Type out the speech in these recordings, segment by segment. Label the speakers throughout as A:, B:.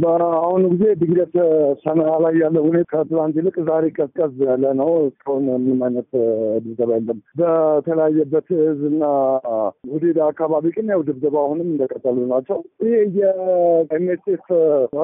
A: በአሁኑ ጊዜ ድንገት ሰመራ ላይ ያለ ሁኔታ ከትላንት ይልቅ ዛሬ ቀዝቀዝ ያለ ነው። እስካሁን ምንም አይነት ድብደባ የለም። በተለያየበት ህዝብና ሁዴዳ አካባቢ ግን ያው ድብደባ አሁንም እንደቀጠሉ ናቸው። ይህ የኤምኤስኤፍ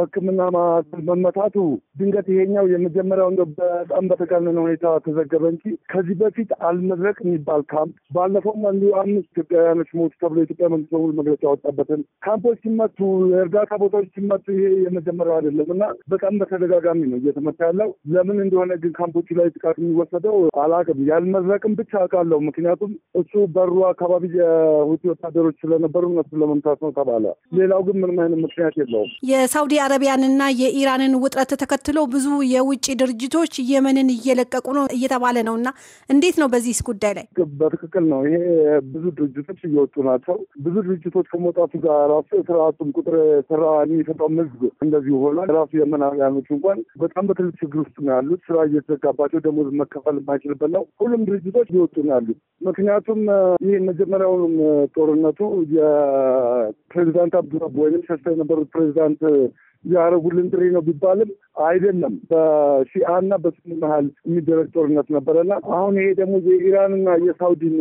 A: ሕክምና ማዕከል መመታቱ ድንገት ይሄኛው የመጀመሪያው እንደ በጣም በተጋነነ ሁኔታ ተዘገበ እንጂ ከዚህ በፊት አልመድረቅ የሚባል ካምፕ ባለፈውም አንዱ አምስት ኢትዮጵያውያኖች ሞቱ ተብሎ የኢትዮጵያ መንግስት በሙሉ መግለጫ ያወጣበትን ካምፖች ሲመቱ፣ የእርዳታ ቦታዎች ሲመቱ ይሄ የመጀመሪያው አይደለም እና በጣም በተደጋጋሚ ነው እየተመታ ያለው። ለምን እንደሆነ ግን ካምፖቹ ላይ ጥቃት የሚወሰደው አላቅም። ያልመረቅም ብቻ አውቃለሁ። ምክንያቱም እሱ በሩ አካባቢ የሁቲ ወታደሮች ስለነበሩ እነሱ ለመምታት ነው ተባለ። ሌላው ግን ምንም አይነት ምክንያት የለውም።
B: የሳውዲ አረቢያንና የኢራንን ውጥረት ተከትሎ ብዙ የውጭ ድርጅቶች የመንን እየለቀቁ ነው እየተባለ ነው እና እንዴት ነው በዚህ ጉዳይ ላይ
A: በትክክል ነው ይሄ ብዙ ድርጅቶች እየወጡ ናቸው። ብዙ ድርጅቶች ከመውጣቱ ጋር ራሱ የስርአቱም ቁጥር ስራ የሚሰጠው ምዝ እንደዚሁ ሆኗል። ራሱ የመናውያኖች እንኳን በጣም በትልቅ ችግር ውስጥ ነው ያሉት። ስራ እየተዘጋባቸው ደሞዝ መከፈል የማይችልበት ነው። ሁሉም ድርጅቶች እየወጡ ነው ያሉት። ምክንያቱም ይህ መጀመሪያውንም ጦርነቱ የፕሬዚዳንት አብዱረብ ወይም ሸሽተው የነበሩት ፕሬዚዳንት ያረጉልን ጥሪ ነው ቢባልም አይደለም። በሺአና በሱኒ መሀል የሚደረግ ጦርነት ነበረና አሁን ይሄ ደግሞ የኢራንና የሳውዲን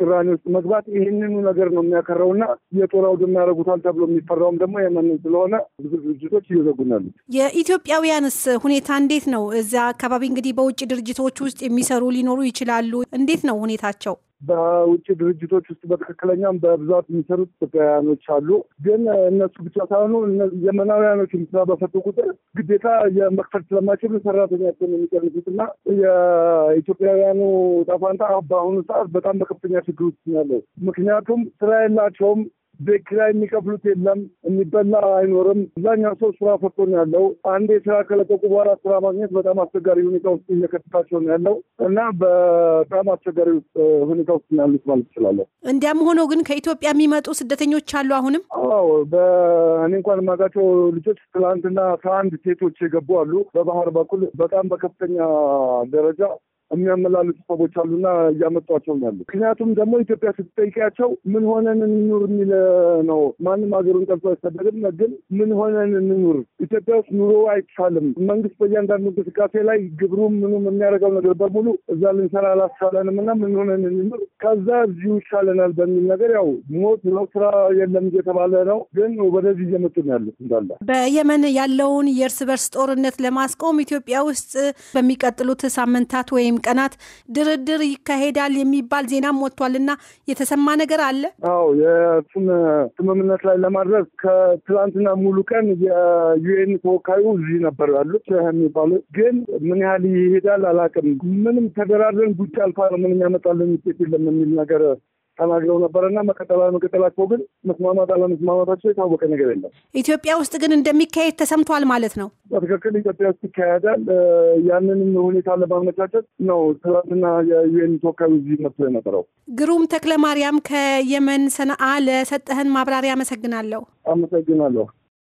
A: ቅራኔ ውስጥ መግባት ይህንኑ ነገር ነው የሚያከረውና የጦር አውድ ያደርጉታል ተብሎ የሚፈራውም ደግሞ የመን ስለሆነ ብዙ ድርጅቶች እየዘጉናሉ።
B: የኢትዮጵያውያንስ ሁኔታ እንዴት ነው? እዚያ አካባቢ እንግዲህ በውጭ ድርጅቶች ውስጥ የሚሰሩ ሊኖሩ ይችላሉ። እንዴት ነው ሁኔታቸው?
A: በውጭ ድርጅቶች ውስጥ በትክክለኛም በብዛት የሚሰሩት ኢትዮጵያውያኖች አሉ። ግን እነሱ ብቻ ሳይሆኑ የመናውያኖች ስራ በፈቱ ቁጥር ግዴታ የመክፈል ስለማይችሉ ሰራተኛቸውን የሚቀንሱት እና የኢትዮጵያውያኑ ዕጣ በአሁኑ ሰዓት በጣም በከፍተኛ ችግር ውስጥ ያለው ምክንያቱም ስራ የላቸውም። ቤት ኪራይ የሚከፍሉት የለም፣ የሚበላ አይኖርም። አብዛኛው ሰው ስራ ፈቶ ነው ያለው። አንዴ ስራ ከለቀቁ በኋላ ስራ ማግኘት በጣም አስቸጋሪ ሁኔታ ውስጥ እየከተታቸው ነው ያለው እና በጣም አስቸጋሪ ሁኔታ ውስጥ ያሉት ማለት ይችላለሁ።
B: እንዲያም ሆኖ ግን ከኢትዮጵያ የሚመጡ ስደተኞች አሉ። አሁንም
A: አዎ፣ በእኔ እንኳን የማውቃቸው ልጆች ትላንትና ከአንድ ሴቶች የገቡ አሉ። በባህር በኩል በጣም በከፍተኛ ደረጃ የሚያመላልሱ ሰዎች አሉና እያመጧቸው ያሉ። ምክንያቱም ደግሞ ኢትዮጵያ ስትጠይቂያቸው ምን ሆነን እንኑር የሚል ነው። ማንም ሀገሩን ጠብቶ አይሰደድም፣ ግን ምን ሆነን እንኑር ኢትዮጵያ ውስጥ ኑሮ አይቻልም። መንግስት በእያንዳንዱ እንቅስቃሴ ላይ ግብሩም ምኑም የሚያደርገው ነገር በሙሉ እዛ ልንሰራ አላስቻለንም እና ምን ሆነን እንኑር ከዛ እዚሁ ይቻለናል በሚል ነገር ያው ሞት ነው ስራ የለም እየተባለ ነው። ግን ወደዚህ እየመጡ ነው ያሉት እንዳለ
B: በየመን ያለውን የእርስ በርስ ጦርነት ለማስቆም ኢትዮጵያ ውስጥ በሚቀጥሉት ሳምንታት ወይም በቀጣይም ቀናት ድርድር ይካሄዳል የሚባል ዜናም ወጥቷልና የተሰማ ነገር አለ?
A: አዎ የሱን ስምምነት ላይ ለማድረስ ከትላንትና ሙሉ ቀን የዩኤን ተወካዩ እዚህ ነበር ያሉት የሚባሉ ግን ምን ያህል ይሄዳል አላውቅም። ምንም ተደራድረን ጉጭ አልፋ ምንም ያመጣልን ውጤት የለም የሚል ነገር ተናግረው ነበረና መቀጠላ መቀጠላቸው ግን መስማማት አለመስማማታቸው የታወቀ ነገር የለም።
B: ኢትዮጵያ ውስጥ ግን እንደሚካሄድ ተሰምቷል ማለት ነው።
A: በትክክል ኢትዮጵያ ውስጥ ይካሄዳል። ያንንም ሁኔታ ለማመቻቸት ነው ትናንትና የዩኤን ተወካዩ እዚህ መጥቶ የነበረው።
B: ግሩም ተክለ ማርያም ከየመን ሰነአ ለሰጠህን ማብራሪያ አመሰግናለሁ።
A: አመሰግናለሁ።